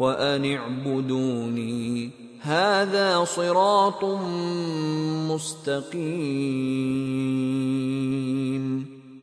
وأن اعبدوني هذا صراط مستقيم